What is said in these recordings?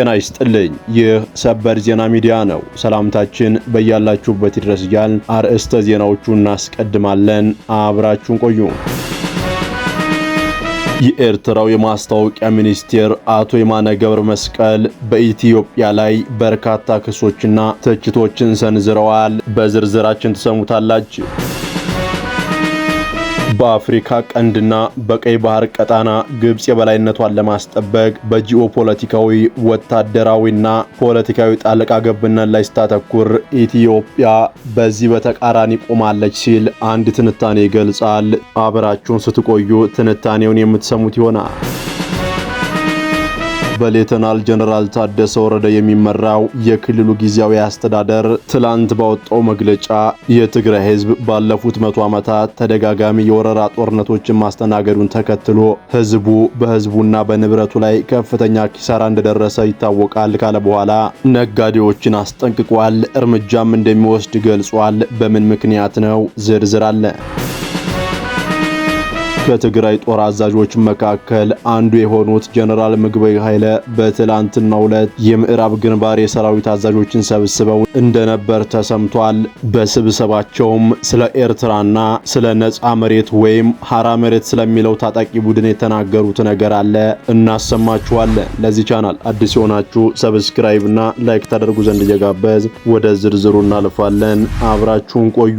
ጤና ይስጥልኝ። ይህ ሰበር ዜና ሚዲያ ነው። ሰላምታችን በያላችሁበት ይድረስ እያል አርዕስተ ዜናዎቹን እናስቀድማለን። አብራችሁን ቆዩ። የኤርትራው የማስታወቂያ ሚኒስቴር አቶ የማነ ገብረ መስቀል በኢትዮጵያ ላይ በርካታ ክሶችና ትችቶችን ሰንዝረዋል። በዝርዝራችን ትሰሙታላችሁ። በአፍሪካ ቀንድና በቀይ ባህር ቀጣና ግብፅ የበላይነቷን ለማስጠበቅ በጂኦፖለቲካዊ ወታደራዊና ፖለቲካዊ ጣልቃ ገብነት ላይ ስታተኩር ኢትዮጵያ በዚህ በተቃራኒ ቆማለች ሲል አንድ ትንታኔ ይገልጻል። አብራችሁን ስትቆዩ ትንታኔውን የምትሰሙት ይሆናል። በሌተናል ጀነራል ታደሰ ወረደ የሚመራው የክልሉ ጊዜያዊ አስተዳደር ትላንት ባወጣው መግለጫ የትግራይ ሕዝብ ባለፉት መቶ ዓመታት ተደጋጋሚ የወረራ ጦርነቶችን ማስተናገዱን ተከትሎ ሕዝቡ በሕዝቡና በንብረቱ ላይ ከፍተኛ ኪሳራ እንደደረሰ ይታወቃል ካለ በኋላ ነጋዴዎችን አስጠንቅቋል። እርምጃም እንደሚወስድ ገልጿል። በምን ምክንያት ነው? ዝርዝር አለ። በትግራይ ጦር አዛዦች መካከል አንዱ የሆኑት ጀነራል ምግበይ ኃይለ በትላንትናው ዕለት የምዕራብ ግንባር የሰራዊት አዛዦችን ሰብስበው እንደነበር ተሰምቷል። በስብሰባቸውም ስለ ኤርትራና ስለ ነፃ መሬት ወይም ሀራ መሬት ስለሚለው ታጣቂ ቡድን የተናገሩት ነገር አለ፣ እናሰማችኋለን። ለዚህ ቻናል አዲስ የሆናችሁ ሰብስክራይብ እና ላይክ ታደርጉ ዘንድ እየጋበዝ ወደ ዝርዝሩ እናልፋለን። አብራችሁን ቆዩ።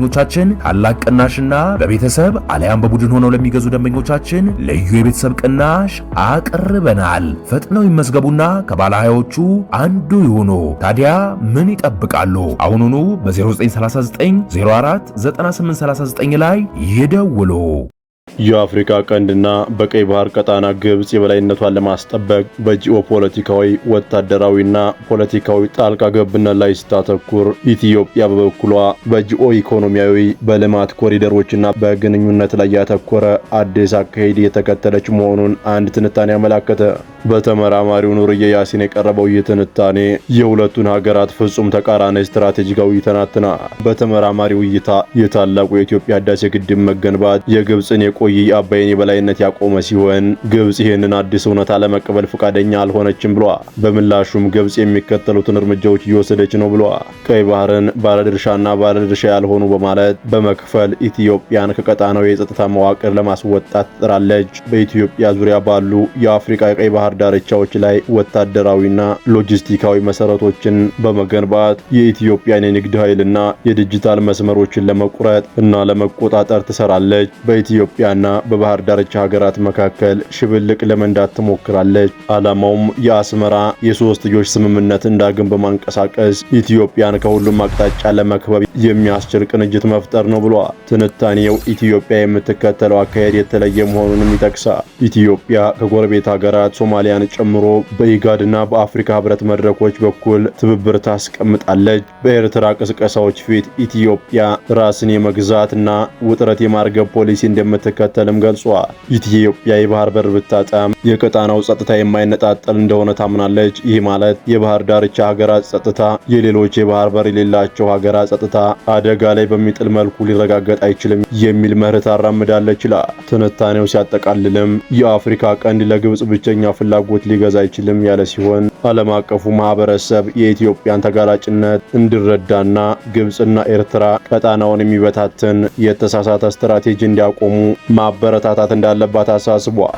ደንበኞቻችን ታላቅ ቅናሽና በቤተሰብ አሊያም በቡድን ሆነው ለሚገዙ ደንበኞቻችን ልዩ የቤተሰብ ቅናሽ አቅርበናል። ፈጥነው ይመዝገቡና ከባለ አንዱ ይሁኑ። ታዲያ ምን ይጠብቃሉ? አሁኑኑ በ0939 04 9839 ላይ ይደውሉ። የአፍሪካ ቀንድና በቀይ ባህር ቀጣና ግብጽ የበላይነቷን ለማስጠበቅ በጂኦ ፖለቲካዊ ወታደራዊና ፖለቲካዊ ጣልቃ ገብነት ላይ ስታተኩር፣ ኢትዮጵያ በበኩሏ በጂኦ ኢኮኖሚያዊ በልማት ኮሪደሮችና በግንኙነት ላይ ያተኮረ አዲስ አካሄድ የተከተለች መሆኑን አንድ ትንታኔ አመላከተ። በተመራማሪው ኑርዬ ያሲን የቀረበው ይህ ትንታኔ የሁለቱን ሀገራት ፍጹም ተቃራኒ ስትራቴጂካዊ ተናትና በተመራማሪው እይታ የታላቁ የኢትዮጵያ ህዳሴ ግድብ መገንባት የግብጽን ቆይ አባይን የበላይነት ያቆመ ሲሆን ግብጽ ይህንን አዲስ እውነታ ለመቀበል ፈቃደኛ አልሆነችም ብሏል። በምላሹም ግብጽ የሚከተሉትን እርምጃዎች እየወሰደች ነው ብሏል። ቀይ ባህርን ባለድርሻና ባለድርሻ ያልሆኑ በማለት በመክፈል ኢትዮጵያን ከቀጣናው የጸጥታ መዋቅር ለማስወጣት ትጥራለች። በኢትዮጵያ ዙሪያ ባሉ የአፍሪካ የቀይ ባህር ዳርቻዎች ላይ ወታደራዊና ሎጂስቲካዊ መሰረቶችን በመገንባት የኢትዮጵያን የንግድ ኃይልና የዲጂታል መስመሮችን ለመቁረጥ እና ለመቆጣጠር ትሰራለች። በኢትዮጵያ በኢትዮጵያና በባህር ዳርቻ ሀገራት መካከል ሽብልቅ ለመንዳት ትሞክራለች። ዓላማውም የአስመራ የሶስትዮሽ ስምምነት እንዳግን በማንቀሳቀስ ኢትዮጵያን ከሁሉም አቅጣጫ ለመክበብ የሚያስችል ቅንጅት መፍጠር ነው ብሏል። ትንታኔው ኢትዮጵያ የምትከተለው አካሄድ የተለየ መሆኑንም ይጠቅሳል። ኢትዮጵያ ከጎረቤት ሀገራት ሶማሊያን ጨምሮ በኢጋድና በአፍሪካ ህብረት መድረኮች በኩል ትብብር ታስቀምጣለች። በኤርትራ ቅስቀሳዎች ፊት ኢትዮጵያ ራስን የመግዛትና ውጥረት የማርገብ ፖሊሲ እንደምትከ እንደሚከተልም ገልጿል። ኢትዮጵያ የባህር በር ብታጣም የቀጣናው ጸጥታ የማይነጣጠል እንደሆነ ታምናለች። ይህ ማለት የባህር ዳርቻ ሀገራት ጸጥታ የሌሎች የባህር በር የሌላቸው ሀገራት ጸጥታ አደጋ ላይ በሚጥል መልኩ ሊረጋገጥ አይችልም የሚል መርህ ታራምዳለች ይላል። ትንታኔው ሲያጠቃልልም የአፍሪካ ቀንድ ለግብጽ ብቸኛ ፍላጎት ሊገዛ አይችልም ያለ ሲሆን ዓለም አቀፉ ማህበረሰብ የኢትዮጵያን ተጋላጭነት እንዲረዳና ግብጽና ኤርትራ ቀጣናውን የሚበታትን የተሳሳተ ስትራቴጂ እንዲያቆሙ ማበረታታት እንዳለባት አሳስቧል።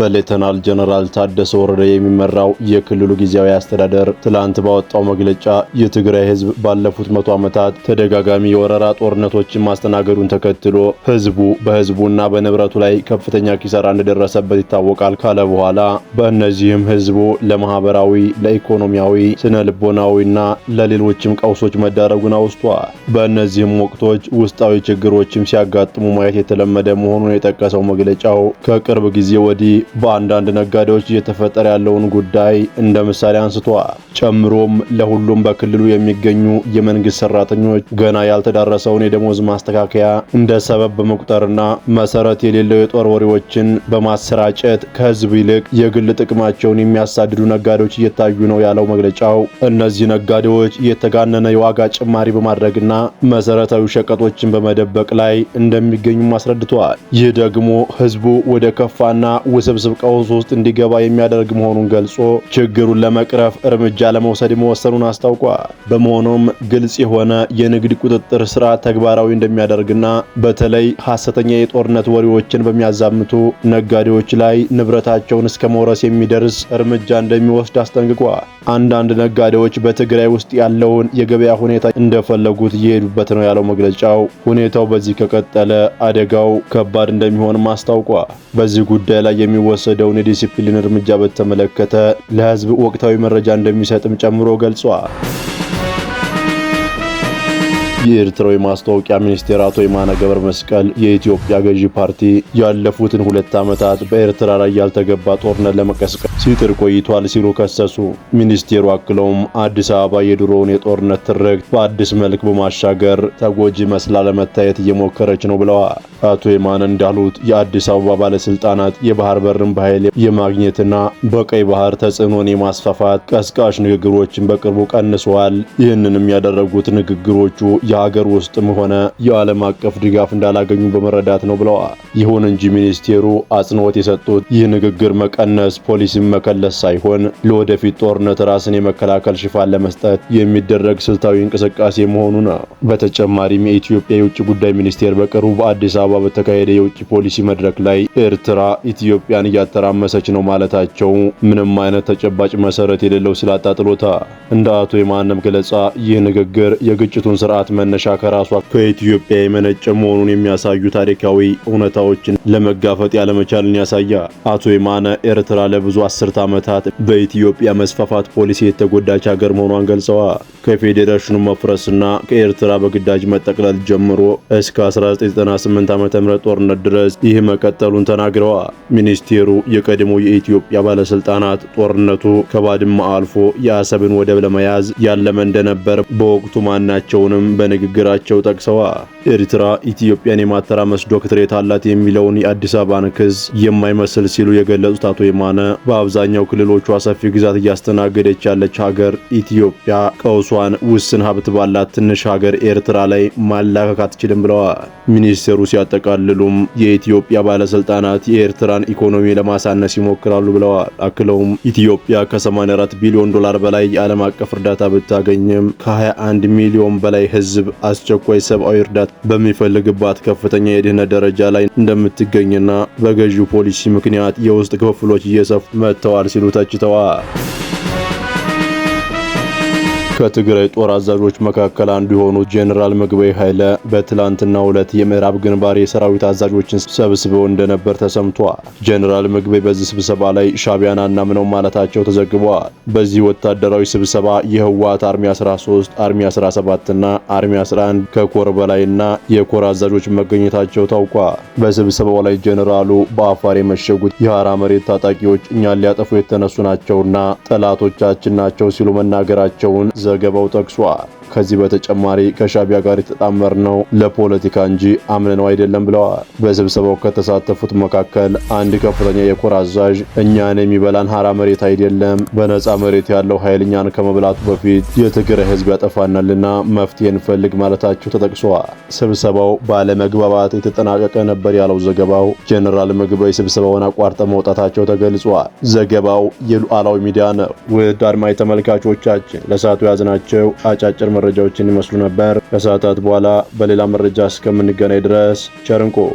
በሌተናል ጀነራል ታደሰ ወረደ የሚመራው የክልሉ ጊዜያዊ አስተዳደር ትላንት ባወጣው መግለጫ የትግራይ ህዝብ ባለፉት መቶ ዓመታት ተደጋጋሚ የወረራ ጦርነቶችን ማስተናገዱን ተከትሎ ህዝቡ በህዝቡና በንብረቱ ላይ ከፍተኛ ኪሳራ እንደደረሰበት ይታወቃል ካለ በኋላ በእነዚህም ህዝቡ ለማህበራዊ፣ ለኢኮኖሚያዊ፣ ስነ ልቦናዊና ለሌሎችም ቀውሶች መዳረጉን አውስቷል። በእነዚህም ወቅቶች ውስጣዊ ችግሮችም ሲያጋጥሙ ማየት የተለመደ መሆኑን የጠቀሰው መግለጫው ከቅርብ ጊዜ ወዲህ በአንዳንድ ነጋዴዎች እየተፈጠረ ያለውን ጉዳይ እንደ ምሳሌ አንስቷል። ጨምሮም ለሁሉም በክልሉ የሚገኙ የመንግስት ሰራተኞች ገና ያልተዳረሰውን የደሞዝ ማስተካከያ እንደ ሰበብ በመቁጠርና መሰረት የሌለው የጦር ወሬዎችን በማሰራጨት ከህዝብ ይልቅ የግል ጥቅማቸውን የሚያሳድዱ ነጋዴዎች እየታዩ ነው ያለው መግለጫው እነዚህ ነጋዴዎች የተጋነነ የዋጋ ጭማሪ በማድረግና መሰረታዊ ሸቀጦችን በመደበቅ ላይ እንደሚገኙም አስረድተዋል። ይህ ደግሞ ህዝቡ ወደ ከፋና ውስብ ውስብስብ ቀውስ ውስጥ እንዲገባ የሚያደርግ መሆኑን ገልጾ ችግሩን ለመቅረፍ እርምጃ ለመውሰድ መወሰኑን አስታውቋል። በመሆኑም ግልጽ የሆነ የንግድ ቁጥጥር ስርዓት ተግባራዊ እንደሚያደርግና በተለይ ሐሰተኛ የጦርነት ወሬዎችን በሚያዛምቱ ነጋዴዎች ላይ ንብረታቸውን እስከ መውረስ የሚደርስ እርምጃ እንደሚወስድ አስጠንቅቋል። አንዳንድ ነጋዴዎች በትግራይ ውስጥ ያለውን የገበያ ሁኔታ እንደፈለጉት እየሄዱበት ነው ያለው መግለጫው፣ ሁኔታው በዚህ ከቀጠለ አደጋው ከባድ እንደሚሆንም አስታውቋል። በዚህ ጉዳይ ላይ የሚወ የሚወሰደውን የዲሲፕሊን እርምጃ በተመለከተ ለህዝብ ወቅታዊ መረጃ እንደሚሰጥም ጨምሮ ገልጿል። የኤርትራው የማስታወቂያ ሚኒስቴር አቶ የማነ ገብረ መስቀል የኢትዮጵያ ገዢ ፓርቲ ያለፉትን ሁለት ዓመታት በኤርትራ ላይ ያልተገባ ጦርነት ለመቀስቀስ ሲጥር ቆይቷል ሲሉ ከሰሱ። ሚኒስቴሩ አክለውም አዲስ አበባ የድሮውን የጦርነት ትርክት በአዲስ መልክ በማሻገር ተጎጂ መስላ ለመታየት እየሞከረች ነው ብለዋል። አቶ የማነ እንዳሉት የአዲስ አበባ ባለስልጣናት የባህር በርን በኃይል የማግኘትና በቀይ ባህር ተጽዕኖን የማስፋፋት ቀስቃሽ ንግግሮችን በቅርቡ ቀንሰዋል። ይህንንም ያደረጉት ንግግሮቹ የሀገር ውስጥም ሆነ የዓለም አቀፍ ድጋፍ እንዳላገኙ በመረዳት ነው ብለዋል። ይሁን እንጂ ሚኒስቴሩ አጽንኦት የሰጡት ይህ ንግግር መቀነስ፣ ፖሊሲን መከለስ ሳይሆን ለወደፊት ጦርነት ራስን የመከላከል ሽፋን ለመስጠት የሚደረግ ስልታዊ እንቅስቃሴ መሆኑ ነው። በተጨማሪም የኢትዮጵያ የውጭ ጉዳይ ሚኒስቴር በቅርቡ በአዲስ አበባ በተካሄደ የውጭ ፖሊሲ መድረክ ላይ ኤርትራ ኢትዮጵያን እያተራመሰች ነው ማለታቸው ምንም አይነት ተጨባጭ መሰረት የሌለው ሲል እንደ አቶ የማነም ገለጻ ይህ ንግግር የግጭቱን ስርዓት መነሻ ከራሷ ከኢትዮጵያ የመነጨ መሆኑን የሚያሳዩ ታሪካዊ እውነታዎችን ለመጋፈጥ ያለመቻልን ያሳያል። አቶ የማነ ኤርትራ ለብዙ አስርት ዓመታት በኢትዮጵያ መስፋፋት ፖሊሲ የተጎዳች ሀገር መሆኗን ገልጸዋል። ከፌዴሬሽኑ መፍረስና ከኤርትራ በግዳጅ መጠቅለል ጀምሮ እስከ 1998 ም ጦርነት ድረስ ይህ መቀጠሉን ተናግረዋል። ሚኒስቴሩ የቀድሞ የኢትዮጵያ ባለስልጣናት ጦርነቱ ከባድማ አልፎ የአሰብን ወደብ ለመያዝ ያለመ እንደነበር በወቅቱ ማናቸውንም በ በንግግራቸው ጠቅሰዋል። ኤርትራ ኢትዮጵያን የማተራመስ ዶክትሬት አላት የሚለውን የአዲስ አበባን ክስ የማይመስል ሲሉ የገለጹት አቶ የማነ በአብዛኛው ክልሎቿ ሰፊ ግዛት እያስተናገደች ያለች ሀገር ኢትዮጵያ ቀውሷን ውስን ሀብት ባላት ትንሽ ሀገር ኤርትራ ላይ ማላከክ አትችልም ብለዋል። ሚኒስቴሩ ሲያጠቃልሉም የኢትዮጵያ ባለስልጣናት የኤርትራን ኢኮኖሚ ለማሳነስ ይሞክራሉ ብለዋል። አክለውም ኢትዮጵያ ከ84 ቢሊዮን ዶላር በላይ የዓለም አቀፍ እርዳታ ብታገኝም ከ21 ሚሊዮን በላይ ህዝብ ህዝብ አስቸኳይ ሰብአዊ እርዳታ በሚፈልግባት ከፍተኛ የድህነት ደረጃ ላይ እንደምትገኝና በገዢው ፖሊሲ ምክንያት የውስጥ ክፍፍሎች እየሰፉ መጥተዋል ሲሉ ተችተዋል። ከትግራይ ጦር አዛዦች መካከል አንዱ የሆኑ ጄኔራል ምግበይ ኃይለ በትላንትናው ዕለት የምዕራብ ግንባር የሰራዊት አዛዦችን ሰብስበው እንደነበር ተሰምቷል። ጄኔራል ምግበይ በዚህ ስብሰባ ላይ እና አናምነው ማለታቸው ተዘግበዋል። በዚህ ወታደራዊ ስብሰባ የህወሓት አርሚ 13፣ አርሚ 17 ና አርሚ 11 ከኮር በላይ ና የኮር አዛዦች መገኘታቸው ታውቋል። በስብሰባው ላይ ጄኔራሉ በአፋር የመሸጉት የሀራ መሬት ታጣቂዎች እኛን ሊያጠፉ የተነሱ ናቸውና ጠላቶቻችን ናቸው ሲሉ መናገራቸውን ዘገባው ጠቅሷል። ከዚህ በተጨማሪ ከሻቢያ ጋር የተጣመር ነው ለፖለቲካ እንጂ አምነነው አይደለም ብለዋል። በስብሰባው ከተሳተፉት መካከል አንድ ከፍተኛ የኮር አዛዥ እኛን የሚበላን ሀራ መሬት አይደለም፣ በነፃ መሬት ያለው ኃይልኛን ከመብላቱ በፊት የትግራይ ህዝብ ያጠፋናልና መፍትሄ እንፈልግ ማለታቸው ተጠቅሷል። ስብሰባው ባለመግባባት የተጠናቀቀ ነበር ያለው ዘገባው ጄኔራል ምግበይ ስብሰባውን አቋርጠ መውጣታቸው ተገልጿል። ዘገባው የሉዓላዊ ሚዲያ ነው። ውድ አድማጭ ተመልካቾቻችን ለሰዓቱ ያዝናቸው አጫጭር መረጃዎችን ይመስሉ ነበር። ከሰዓታት በኋላ በሌላ መረጃ እስከምንገናኝ ድረስ ቸርንቆ